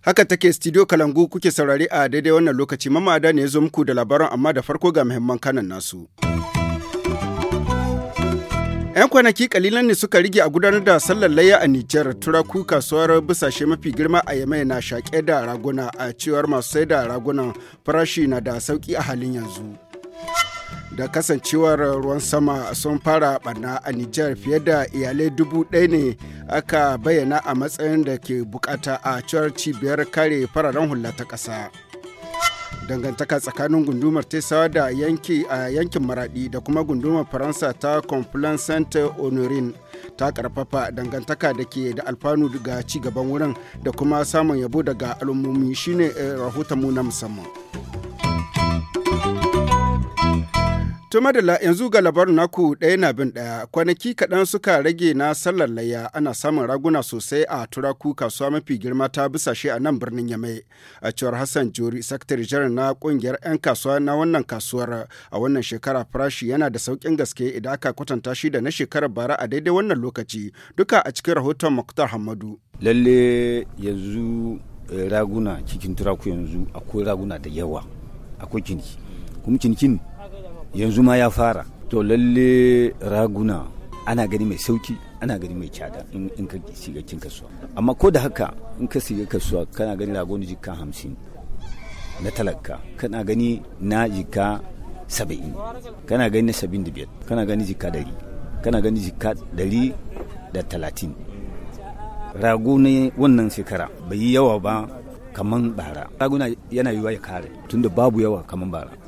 Haka take studio Kalangu kuke saurari a daidai wannan lokaci mamada ne ya zo muku da labaran amma da farko ga muhimman kanan nasu. 'yan kwanaki kalilan ne suka rige a gudanar da sallar layya a Nijar turaku kasuwar busashe mafi girma a Yamai na shaƙe da raguna a cewar masu sai da ragunan farashi na da sauki a halin yanzu. Da kasancewar ruwan sama sun fara barna a Nijar fiye da iyalai dubu ɗaya ne aka bayyana a matsayin da ke bukata a cewar cibiyar kare fararen hula ta ƙasa. dangantaka tsakanin gundumar tesawa da yanki a yankin maradi da kuma gundumar faransa ta complain saint honorine ta karfafa dangantaka da ke da alfanu daga ci gaban wurin da kuma samun yabo daga al'ummomi shine eh, rahoton mu na musamman To madalla yanzu ga labarin naku ɗaya na bin ɗaya kwanaki kaɗan suka rage na sallar layya ana samun raguna sosai a turaku kasuwa mafi girma ta bisashe a nan birnin Yamai. A cewar Hassan Jori, sakatare jiran na ƙungiyar 'yan kasuwa na wannan kasuwar a wannan shekara farashi yana da sauƙin gaske idan aka kwatanta shi da na shekarar bara a daidai wannan lokaci duka a cikin rahoton Muktar Hamadu. Lalle yanzu eh, raguna cikin turaku yanzu akwai raguna da yawa akwai kinki Kuma cinikin yanzu ma ya fara to lalle raguna ana gani mai sauki ana gani mai cada in ka shiga kin kasuwa amma ko da haka in ka shiga kasuwa kana gani ragon jikka hamsin na talaka kana gani na jikka saba'in kana gani na saba'in da biyar kana gani jikka dari kana gani jikka dari da talatin rago ne wannan shekara bai yi yawa ba kaman bara raguna yana yiwa ya kare tunda babu yawa kaman bara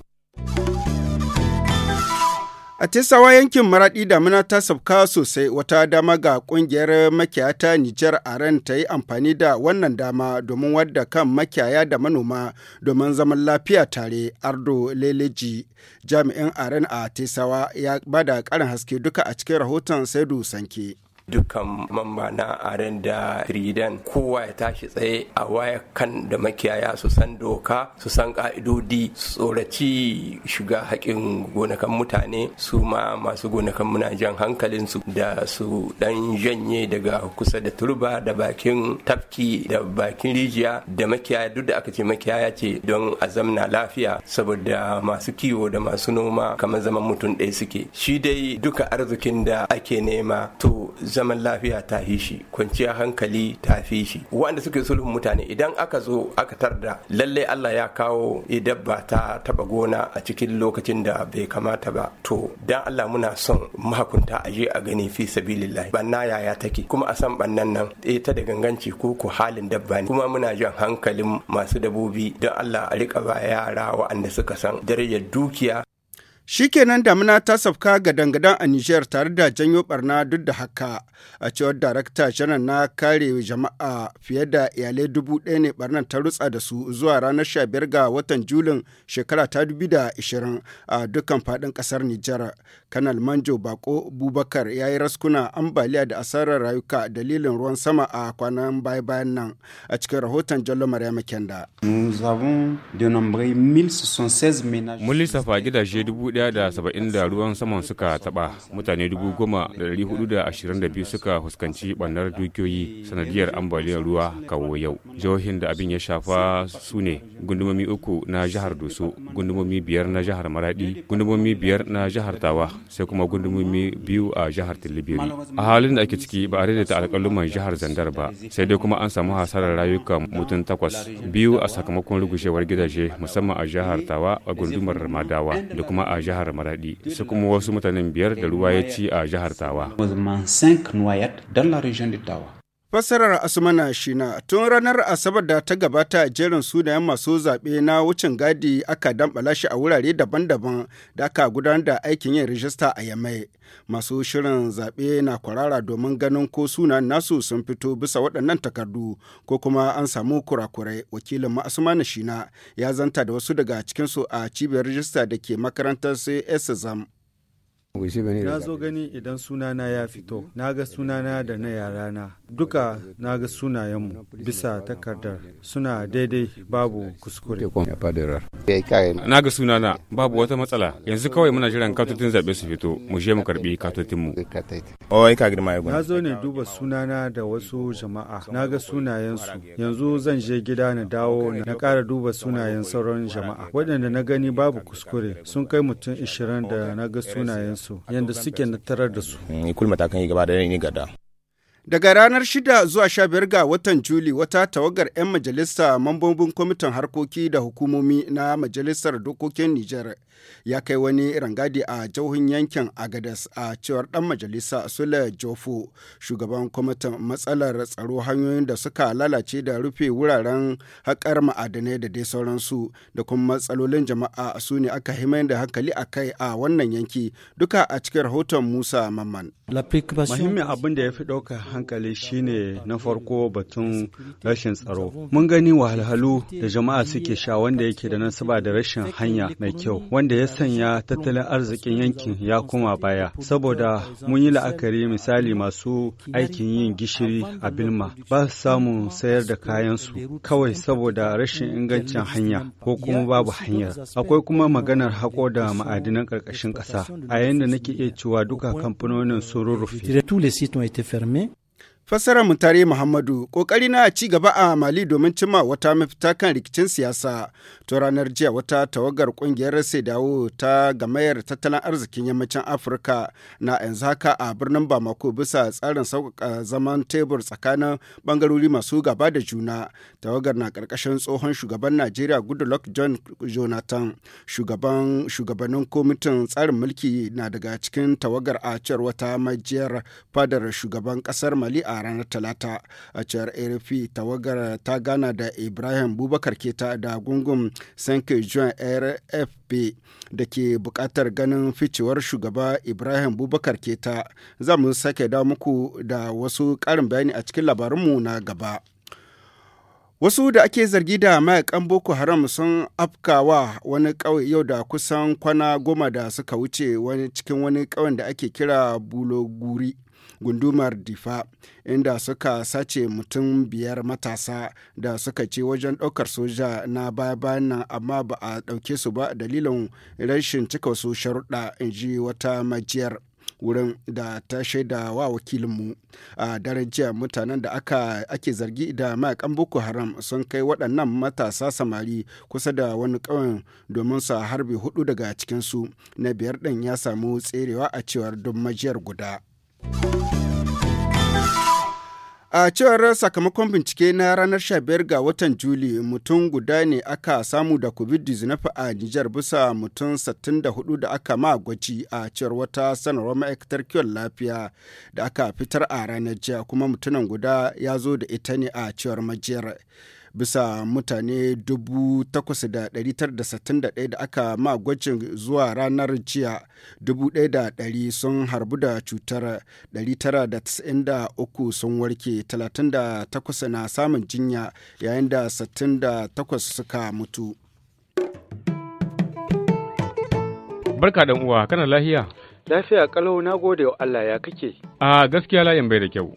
A Tesawa yankin Maraɗi damina ta sauka sosai wata dama ga ƙungiyar makiyaya ta Nijar a ran ta yi amfani da wannan dama domin wadda kan makiyaya da manoma domin zaman lafiya tare Ardo Leleji jami'in aren a Tesawa ya bada ƙarin haske duka a cikin rahoton Saidu Sanke. dukkan mamba na aren da ridan kowa ya tashi tsaye a waya kan da makiyaya su san doka su san ka'idodi su tsoraci shiga haƙin gonakan mutane su ma masu gonakan muna jan hankalinsu da su dan janye daga kusa da turba da bakin tafki da bakin rijiya da makiyaya duk da aka ce makiyaya ce don a zamna lafiya saboda masu kiwo da masu noma kamar zaman mutum ɗaya suke shi dai duka arzikin da ake nema to zaman lafiya ta fi shi Kwanciya hankali ta fi shi wanda suke sulhun mutane idan aka zo aka tarda Lallai Allah ya kawo dabba ta taba gona a cikin lokacin da bai kamata ba to dan Allah muna son mahakunta aje a gani fi sabilillahi banna yaya take kuma a san bannan nan e, ta da ganganci ko ko halin dabba ne kuma muna jan hankalin masu dabobi don Allah a rika ba yara waɗanda suka san darajar dukiya Shikenan damina ta safka ga dangadan a Nijar tare da janyo barna duk da haka a cewar darakta janar na kare jama'a fiye da iyalai dubu ɗaya ne barnan ta rutsa da su zuwa ranar 15 ga watan Julin shekara ta da ishirin a dukkan faɗin ƙasar Nijar. Kanal Manjo Bako Bubakar ya yi raskuna ambaliya da asarar rayuka dalilin ruwan sama a kwanan baya-bayan nan a cikin rahoton Jallo Maryam Kenda. Mun lissafa gidaje dubu 170 da ruwan saman suka taba mutane 10,422 suka fuskanci ɓannar dukiyoyi sanadiyar ambaliyar ruwa kawo yau jihohin da abin ya shafa su ne gundumomi uku na jihar doso gundumomi biyar na jihar maradi gundumomi biyar na jihar tawa sai kuma gundumomi biyu a jihar tilibiri a halin da ake ciki ba a daidaita alƙaluman jihar zandar ba sai dai kuma an samu hasarar rayuka mutum takwas biyu a sakamakon rugushewar gidaje musamman a jihar tawa a gundumar madawa da kuma a jihar Maradi sai kuma wasu mutanen biyar da ruwa ya ci a jihar Tawa. Fassarar Asmana Shina tun ranar Asabar da ta gabata a jerin sunayen masu zaɓe na wucin gadi aka dambala shi a wurare daban-daban da aka gudanar da aikin yin rijista a Yamai. Masu shirin zaɓe na kwarara domin ganin ko sunan nasu sun fito bisa waɗannan takardu ko kuma an samu kurakurai. Wakilin ma'asumana Asmana Shina ya zanta da wasu daga cikinsu a cibiyar rijista da ke makarantar csm Na zo gani idan sunana ya fito, na ga sunana da na yarana, duka na ga sunayenmu bisa takardar suna daidai babu kuskure na ga sunana babu wata matsala yanzu kawai muna jiran katotin zaɓe su fito mu je mu karɓi katotinmu oh, na zo ne duba sunana da wasu jama'a na ga sunayensu yanzu zan je gida na dawo na ƙara duba sunayen sauran jama'a waɗanda na gani babu kuskure sun kai mutum ishirin da na ga sunayensu yadda suke na tarar da su. Kul matakan yi gaba da ni gada. Daga ranar shida zuwa 15 ga watan Juli wata tawagar 'yan majalisa mambobin kwamitin harkoki da hukumomi na majalisar dokokin Nijar ya kai wani rangadi a jauhin yankin Agadas a cewar dan majalisa Sule Jofo shugaban kwamitin matsalar tsaro hanyoyin da suka lalace da rufe wuraren haƙar ma'adanai da dai sauransu da kuma matsalolin jama'a su ne aka himayen da hankali a kai a wannan yanki duka a cikin rahoton Musa Mamman. abin da ya fi ɗauka hankali shine na farko batun rashin tsaro. Mun gani wahalhalu da jama'a suke sha wanda yake da nasaba da rashin hanya mai kyau, wanda ya sanya tattalin arzikin yankin ya koma baya. Saboda mun yi la'akari misali masu aikin yin gishiri a Bilma ba su samun sayar da kayansu kawai saboda rashin ingancin hanya ko kuma babu hanyar. Akwai kuma maganar hako da ma'adinan ƙarƙashin ƙasa. A yayin da nake iya cewa duka kamfanonin sun rurrufe. Fassara Mutare Muhammadu kokari na ci gaba a Mali domin cimma wata mafita kan rikicin siyasa. To ranar jiya wata tawagar ƙungiyar kungiyar dawo ta gamayar tattalin arzikin yammacin Afirka na yanzu haka a birnin Bamako bisa tsarin sauƙaƙa zaman tebur tsakanin bangarori masu gaba da juna. Tawagar na karkashin tsohon shugaban Najeriya Goodluck John Jonathan. Shugaban shugabannin komitin tsarin mulki na daga cikin tawagar a cewar wata majiyar fadar shugaban ƙasar Mali a a ranar talata a cewar arp tawagar ta gana da ibrahim bubakar keta da gungun sanke juan rfp da ke bukatar ganin ficewar shugaba ibrahim bubakar keta za mu sake da muku da wasu karin bayani a cikin labarinmu na gaba. Wasu da ake zargi da mayakan Boko Haram sun afkawa wani ƙauye yau da kusan kwana goma da suka wuce cikin wani ƙauyen da ake kira Buloguri gundumar difa inda suka sace mutum biyar matasa da suka ce wajen ɗaukar soja na baya nan amma ba a ɗauke su ba dalilin rashin cika su sharuɗa in ji wata majiyar wurin da ta shaida wa wakilinmu a daren jiya mutanen da aka ake zargi da mayakan boko haram sun kai waɗannan matasa samari kusa da wani ƙauyen domin su harbi hudu daga cikinsu na biyar ɗin ya samu tserewa a cewar don majiyar guda. A cewar sakamakon bincike na ranar 15 ga watan Juli mutum guda ne aka samu da COVID-19 a Nijar bisa mutum 64 da aka ma gwaji a cewar wata sanarwar ma'aikatar kiwon lafiya da aka fitar a ranar jiya kuma mutumin guda ya zo da ita ne a cewar majiyar. bisa mutane 8,961 da aka ma gwajin zuwa ranar jiya 1,100 sun harbu da cutar 993 sun warke 38 na samun jinya yayin da 68 suka mutu. Barka uwa kana lahiya? Lafiya kalau na gode wa Allah ya kake. A ah, gaskiya layin bai da kyau.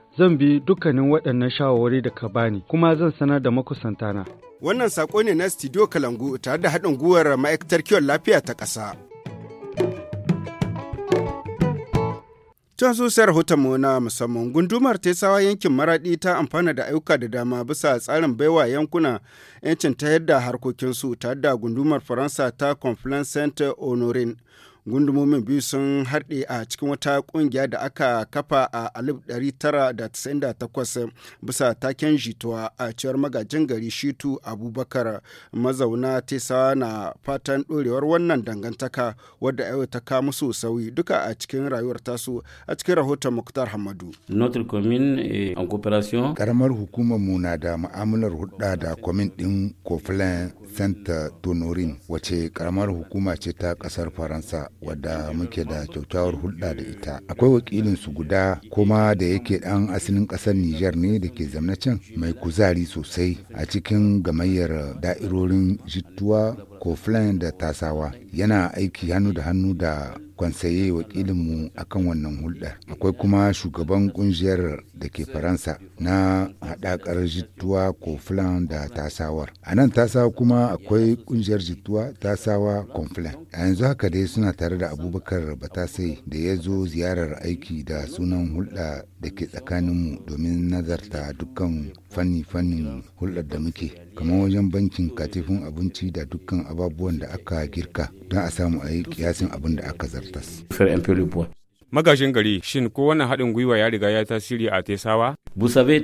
zan bi dukkanin waɗannan shawarwari da ka bani kuma zan sanar da makusantana. Wannan saƙo ne na Studio Kalangu tare da haɗin gwiwar ma'aikatar kiwon lafiya ta ƙasa. Tun sosai mu na musamman gundumar Tesawa yankin Maraɗi ta amfana da ayyuka da dama bisa tsarin baiwa yankuna 'yancin ta yadda harkokinsu tare da gundumar Faransa ta Confluence Saint Honorine. gundumomin biyu sun haɗe a cikin wata ƙungiya da aka kafa a 1998 bisa taken jituwa a ciyar magajin gari shitu abubakar mazauna tesawa na fatan ɗorewar wannan dangantaka wadda yau ta ka musu sauyi duka a cikin rayuwar tasu a cikin rahoton muktar hamadu notre commune en coopération karamar hukumar mu na da ma'amalar hudda da komin ɗin koflin saint tonorin wace karamar hukuma ce ta ƙasar faransa wadda muke da kyautawar hulɗa da ita akwai wakilin su guda kuma da yake ɗan asalin ƙasar Nijar ne da ke zamna can mai kuzari sosai a cikin gamayyar da'irorin jittuwa koflan da tasawa yana aiki hannu da hannu da kwansaye wakilinmu akan wannan hulɗar akwai kuma shugaban kungiyar da ke Faransa na haɗaƙar jituwa Conflan da tasawar. A nan tasawa kuma akwai ƙungiyar jituwa tasawa Conflan. A yanzu haka dai suna tare da Abubakar Batasai da ya zo ziyarar aiki da sunan hulɗa da ke tsakaninmu domin nazarta dukkan fanni-fannin hulɗar da muke kamar wajen bankin katifin abinci da dukkan ababuwan da aka girka don a samu a yi kiyasin abin da aka zartas. Magashin gari shin ko wannan haɗin gwiwa ya riga ya tasiri a Tesawa?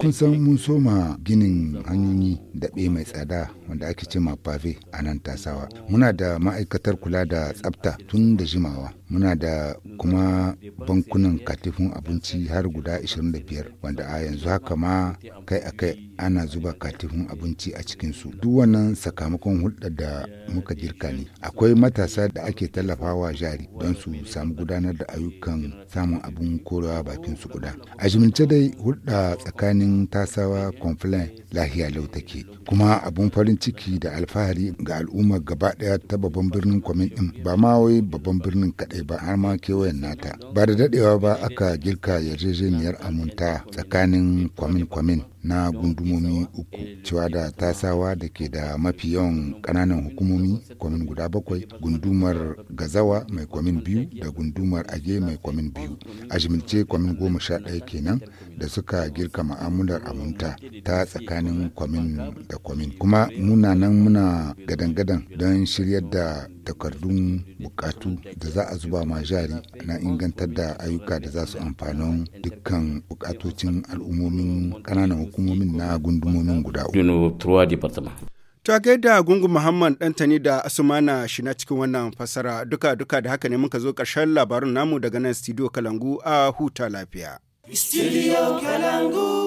Kun san mun soma ginin hanyoyi daɓe mai tsada wanda ake ce ma pave a nan Tasawa. Muna da ma'aikatar kula da tsafta tun da jimawa. muna da kuma bankunan katifin abinci har guda 25 wanda a yanzu haka ma kai a kai ana zuba katifin abinci a cikinsu duk wannan sakamakon hulɗar da muka girka ne akwai matasa da ake tallafawa jari don su samu gudanar da ayyukan samun abin korewa bakin su guda a jimince dai hulɗa tsakanin tasawa conflain lahiya lau take kuma abun farin ciki da alfahari ga al'ummar gaba daya ta babban birnin kwamin din ba ma wai babban birnin kadai ba har ma kewayen nata ba da dadewa ba aka girka yarjejeniyar amunta tsakanin kwamin kwamin na gundumomi uku cewa da tasawa da ke da mafi yawan kananan hukumomi kwamin guda bakwai gundumar gazawa mai kwamin biyu da gundumar age mai kwamin biyu a jimilce kwamin goma sha ɗaya kenan da suka girka ma'amular amunta ta tsakanin kwamin da kwamin kuma muna nan muna gadan-gadan don shiryar da takardun bukatu da za a zuba ma jari na ingantar da ayyuka da za su amfanin dukkan bukatocin al'ummomin ƙananan hukumomin na gundumomin guda uku. Ta gaida gungun Muhammad Dantani da Asumana shi na cikin wannan fasara duka-duka da haka ne muka zo ƙarshen labarin namu daga nan studio Kalangu a huta lafiya. Studio Kalangu.